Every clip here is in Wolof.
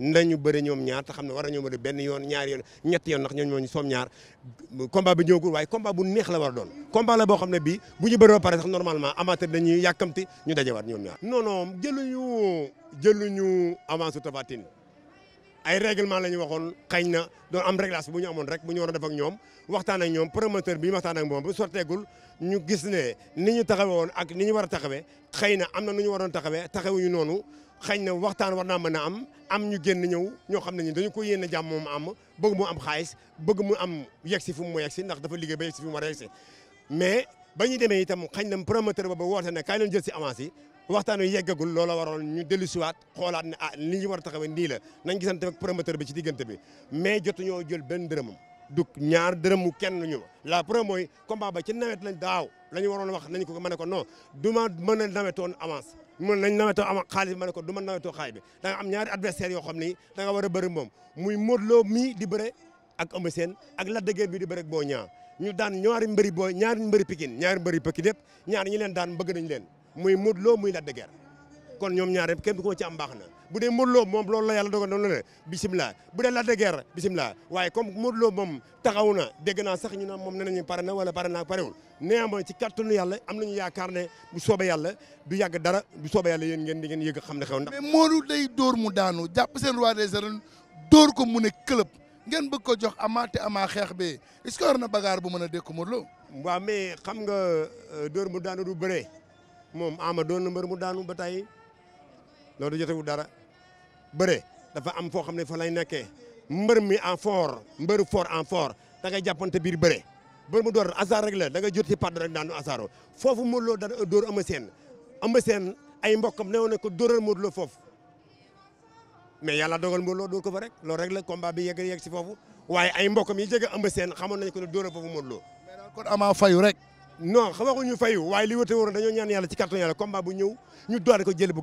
ñu bëri ñoom ñaar xam ne war nañoo bëri benn yoon ñett yoon ñetti yoon ndax ñoom ñoo ñu soom ñaar combat bi ñëwagul waaye combat bu neex la war doon combat la boo xam ne bii bu ñu bëree ba pare sax normalement amateur dañuy yàkkamti ñu dajewaat ñoom ñaar non non jëluñu jëluñu avance Tapha Tine ay règlement la ñu waxoon xañ na doon am réglage bu ñu amoon rek bu ñu war a def ak ñoom waxtaan ak ñoom promoteur bi ñu waxtaan ak moom bu sorteegul ñu gis ne ni ñu taxawe woon ak ni ñu war a taxawee xëy na am na nu ñu waroon taxawee taxawuñu noonu xañ na waxtaan war naa mën a am am ñu génn ñëw ñoo xam na ñu dañu ko yéene jàmm moom am bëgg mu am xaalis bëgg mu am yegsi fu mu yegsi ndax dafa liggéey ba yegsi fu mu war a yegsi mais ba ñu demee itam xañ na promoteur ba ba woote ne kaay leen jël si avance yi waxtaan wi yeggagul loola waroon ñu dellusiwaat xoolaat ne ah li ñu war a taxawee nii la nañ gisante ak promoteur bi ci diggante bi mais jotuñoo jël benn dërëmam du ñaar dërëm mu kenn ñu la preuve mooy combat ba ci nawet lañ daaw la ñu waroon wax nañ ko ma ne ko non du ma mën a nawetoon avance mën nañ nawetoo ama xaalis bi ma ne ko du ma nawetoo xaalis bi da nga am ñaari adversaire yoo xam ni da nga war a bëri moom muy Modou Lo mii di bëre ak Eumeu ak Lac de Guiers bi di bëre boo Boy ñu daan ñaari mbëri booy ñaari mbëri Pikine ñaari mbëri Pikine yëpp ñaari ñu leen daan bëgg nañ leen muy Modou Lo muy Lac de kon ñoom ñaar kenn ku ci am baax na bu dee Modou Lo moom loolu la yàlla dogal noonu la bisimilah bu dee Lac de Guiers waaye comme Modou moom taxaw na dégg naa sax ñu ne moom nee nañu pare na wala pare naa parewul néanmoins ci kattanu yàlla am nañu yaakaar ne bu soobee yàlla du yàgg dara bu soobee yàlla yéen ngeen di ngeen yëg xam ne xew ndax mais Modou day dóor mu daanu jàpp sen roi des arènes dóor ko mu ne këlëb ngeen bëgg ko jox ama te ama xeex bi est-ce na bagaar bu mën a dek Modou Lo waaw mais xam nga euh, dóor mu daanu du bëree moom ama doon na mbër mu daanu ba tey loolu jotewul dara bëre dafa am foo xam ne fa lay nekkee mbër mi en fort mbër fort en fort da ngay jàppante biir bëre bër mu door asaar rek la da ngay jot si pàdd rek daanu asaaroo foofu Modou Lo da dóor Eumeu Sène Eumeu seen ay mbokkam newoon na ko dóoral Modou Lo foofu mais yàlla dogal Modou Lo dóor ko fa rek loolu rek la combat bi yegg yegg si foofu waaye ay mbokkam yi jege Eumeu Sène xamoon nañ ko ne dóoral foofu mu Lo kon ama rek non xamaguñu fayu waaye li wate nous dañoo ñaan yàlla ci kàttan combat bu ñëw ñu jël bu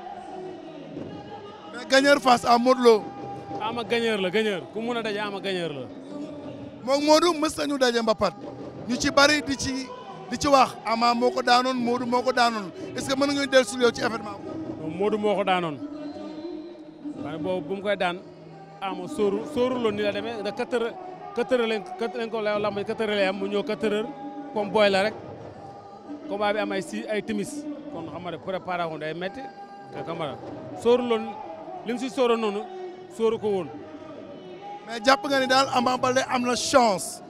mais gagneur face à Modou Lo. ama gagneur la gagneur ku mun a daje ama gagneur la. moom Modou mës nañu daje mbapat ñu ci bari di ci di ci wax ama moo ko daanoon Modou moo ko daanoon est que mën nga ñu dellusiwul yow ci événement boobu. Modou moo ko daanoon. waaye boobu bu mu koy daan ama sóoru sóoru la ni la demee da 4 heures 4 heures lañ ko lamb 4 heures mu ñëw 4 heures comme la rek combat bi am ay si ay timis kon xam nga préparation day métti te xam nga sóoru li ñu si sóora noonu sóoru ko woon. mais jàpp nga ni daal Ama Baldé am na chance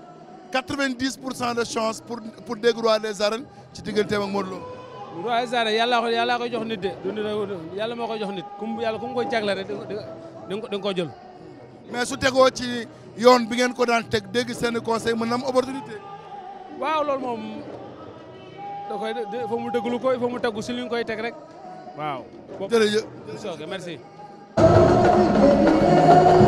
quatre-vingt-dix pour cent de chance pour pour dégg roi des arènes ci digganteem ak Modou Lo. roi des arènes yàllaa ko jox nit de du nit moo ko jox nit kum yàlla kum ko jagle rek di nga ko jël. mais su tegoo ci yoon bi ngeen ko daan teg dégg seen conseil mën na am opportunité. waaw loolu moom da koy il faut mu déglu ko il mu tegu si li ñu koy teg rek waaw. jërëjëf merci. えっ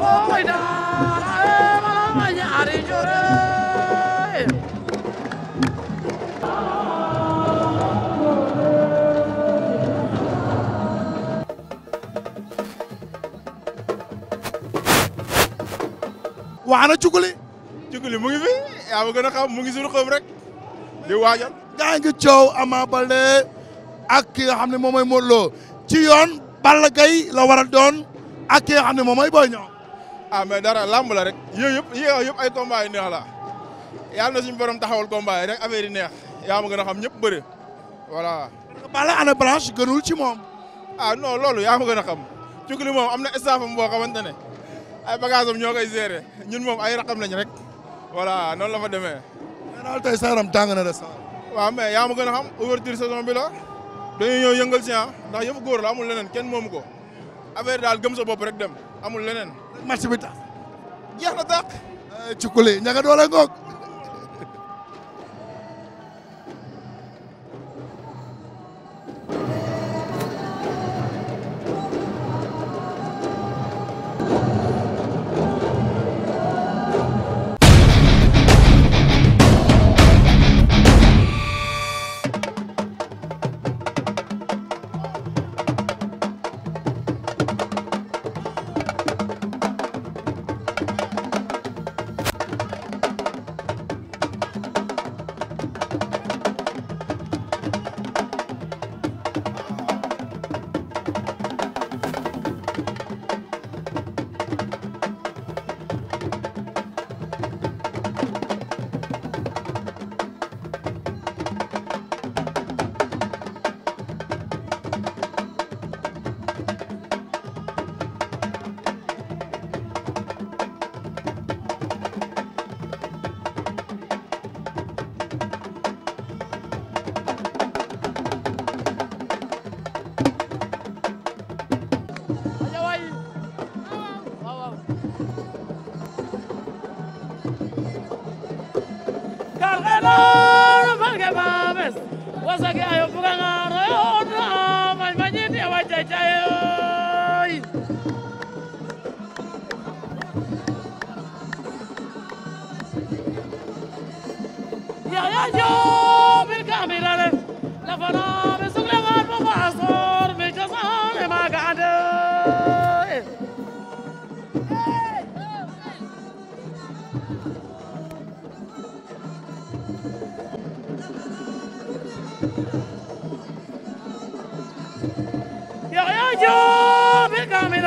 boyda malama ñaari cukuli cukuli mu ngi yaa ma gën a xam mu ngi suñu xëm rek di waajal gaa ngi coow Ama Baldé ak ki nga xam ne moom mooy ci yoon Balla la war a doon ak ki nga xam ne moom a ah, mais dara làmb la rek yooyu yëpp yooyu yëpp ay combat yu neex la yàlla na suñu borom taxawal combat yi rek affaire yi neex yaa ma gën a xam ñëpp bëri voilà. bala ana branche gënul ci moom. a ah, noo loolu yaa ma gën a xam cukli moom am na staff am boo xamante ne ay bagages am ñoo koy gérer ñun moom ay raqam lañ rek voilà noonu la fa demee. mais daal tey saaram tàng na de sax. waaw mais yaa ma gën a xam ouverture saison bi la dañuy ñëw yëngal si ah ndax yëfu góor la amul kenn moomu ko affaire daal gëm sa bopp rek dem. amul leneen. match bi tax jeex na tàq. Eh, ci kule ñaga doole ngoog. masage a yoɓɓuganga royo ono a mañmañin ewa jayjaye oy yaya jo جوبك من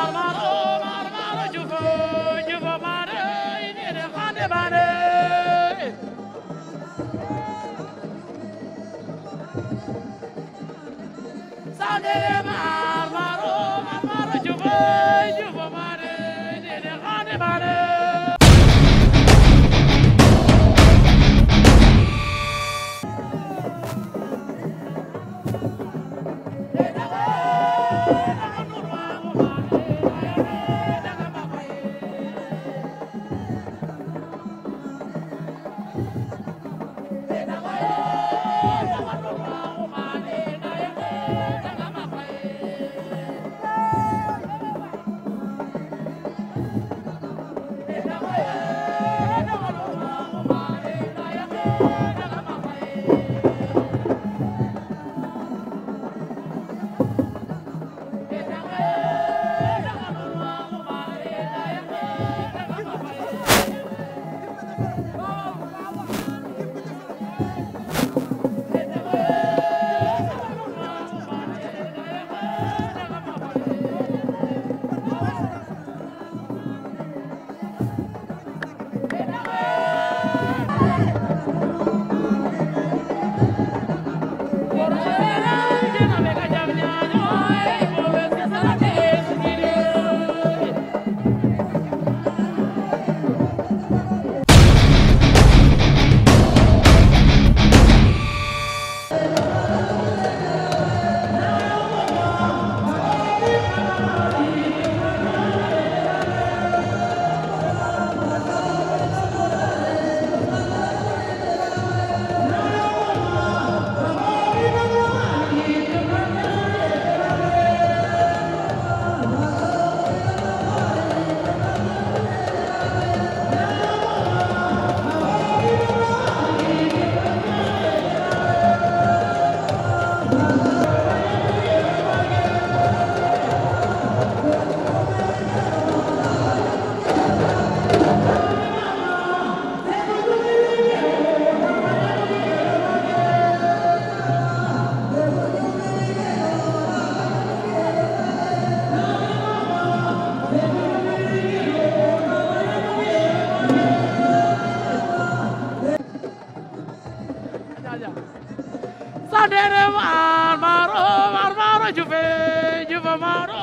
Mama.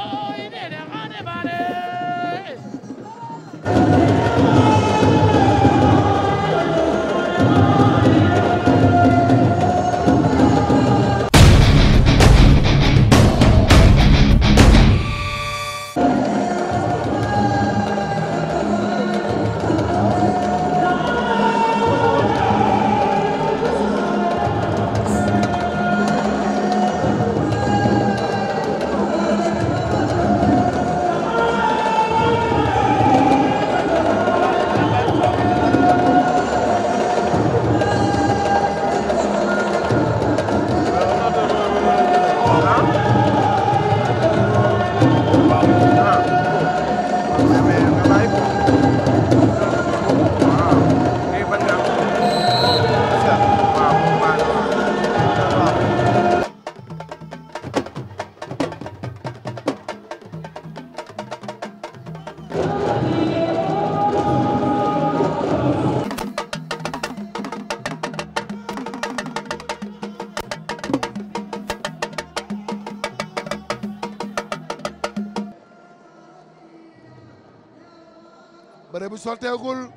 sotteegul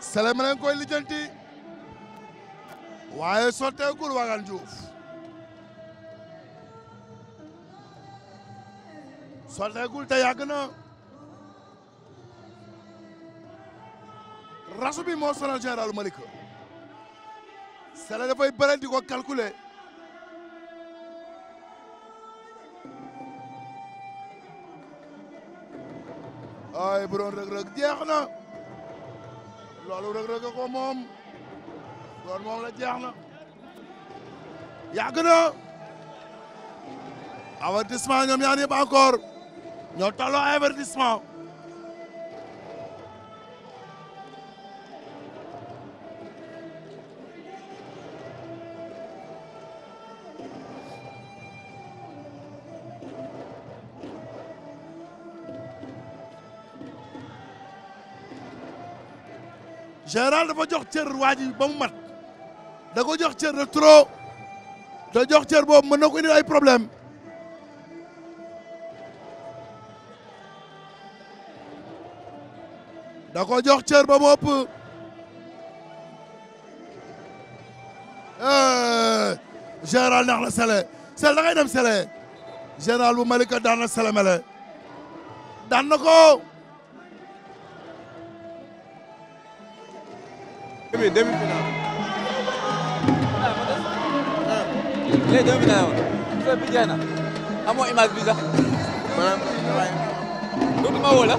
Sélé ma leen koy lijjanti waaye sotteegul Wagan Diouf sotteegul te yàgg na rasu bi moo sonal général Malika Sélé dafay bëre di ko calculer waaye bu rëg-rëg jeex na loolu rëg-rëg ko moom doon moom la jeex na yàgg na avertissement ñoom ñaar yëpp encore ñoo tolloo avertissement général dafa jox cër waa ji ba mu mat da ko jox cër de trop te jox cër boobu mën na ko indi ay problème da ko jox cer ba mu ëpp eh, général nax na sele sele da ngay dem sele général bu Malika daan na sele mele daan ko demi-finale. léegi eh, demi-finale woon. soo bi na amoo image bi sax. maanaam waaye. dootuma woo la.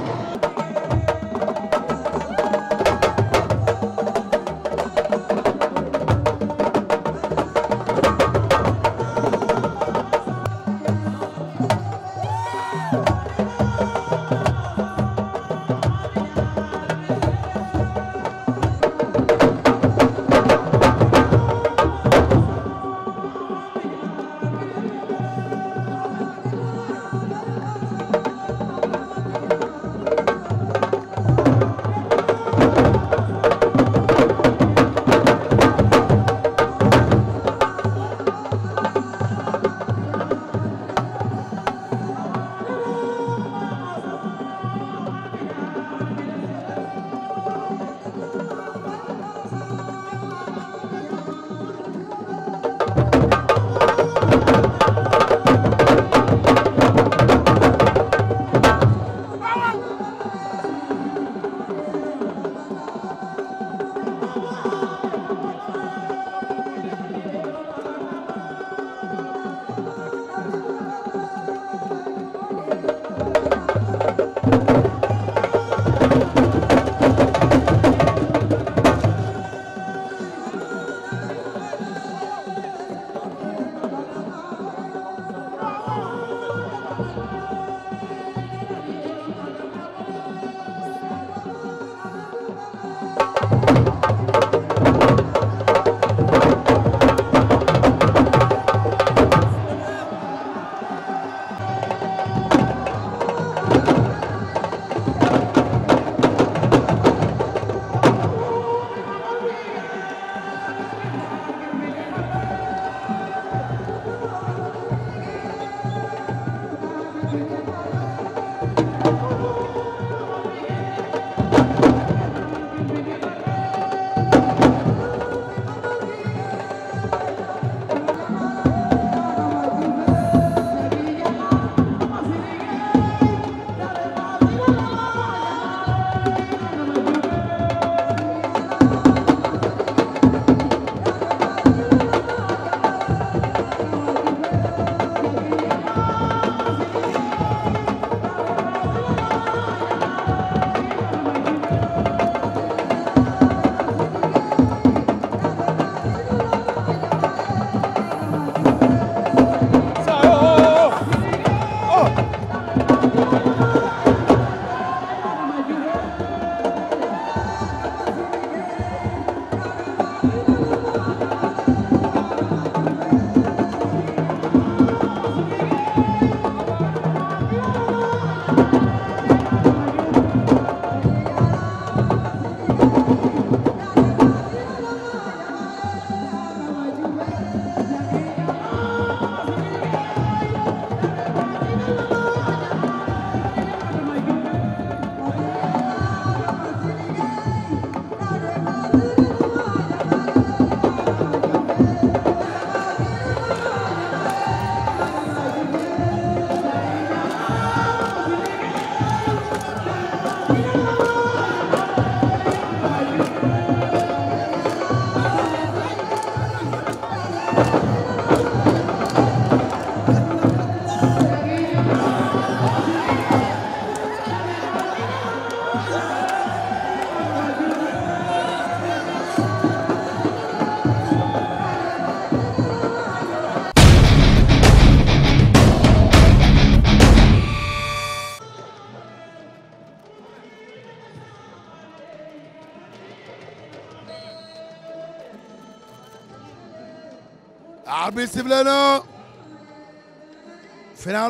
sible na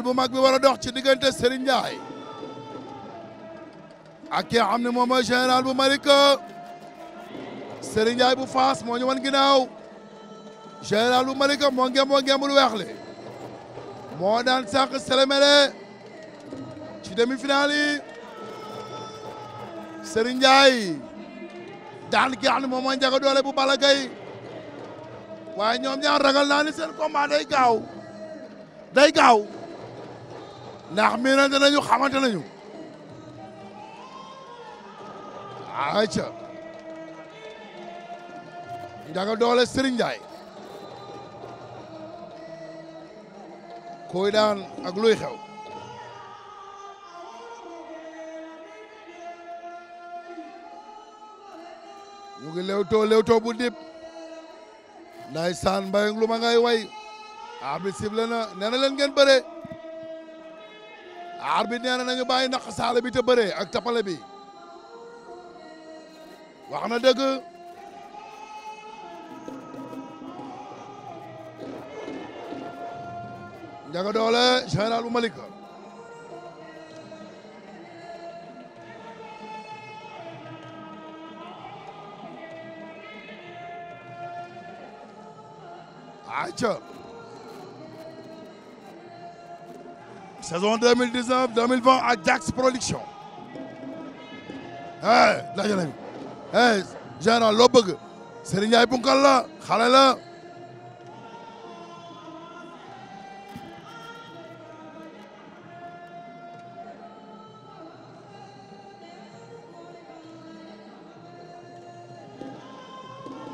bu mag bi war dox ci diggante Serigne Ndiaye ak ki xam ne moom mooy bu Malika Serigne Ndiaye bu Faas moo wan ginnaaw général bu Malika moo ngeem moo ngeem lu weex moo daan sànq Sélémélé ci demi-finale yi daan ki xam ne moom doole bu Balla waaye ñoom ñaar ragal naa ni seen combat day gaaw day gaaw ndax miinante nañu xamante nañu aca Ndiaga Dollé Serigne Ndiaye daan ak luy xew ñu ngi lewtoo lewtoo bu dib ndaysaan mbay lu ma ngay way arbitre sible na nee na leen ngeen bare arbitre nee na nañu bàyyi naq saala bi te bëree ak tapale bi wax na dëgg njaga doole général bu Malika Saison 2019-2020 à Jax Production. Hey, la hey, Gérard Lobug, c'est Bunkal pour xale la.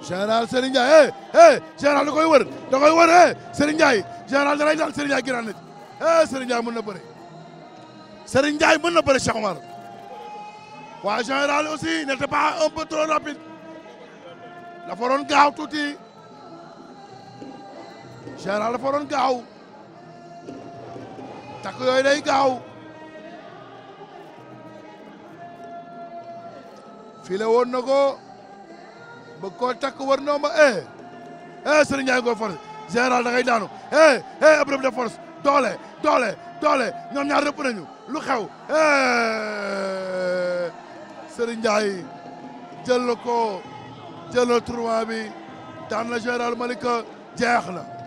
général Serigne Ndiaye eh eh général da koy wër da koy wër général da lay daal Serigne Ndiaye gënaan na ci eh Serigne Ndiaye mën na waa général aussi n'était pas un peu trop gaaw tuuti général dafa gaaw takk yooyu day gaaw file woon bëgg koo takk war noo ma eh eh Serigne Ndiaye ngoo force général da daanu eh eh épreuve de force doole doole doole ñoom ñaar rëpp lu xew eh Serigne Ndiaye jël ko jël tournoi bi daan na général Malika jeex na.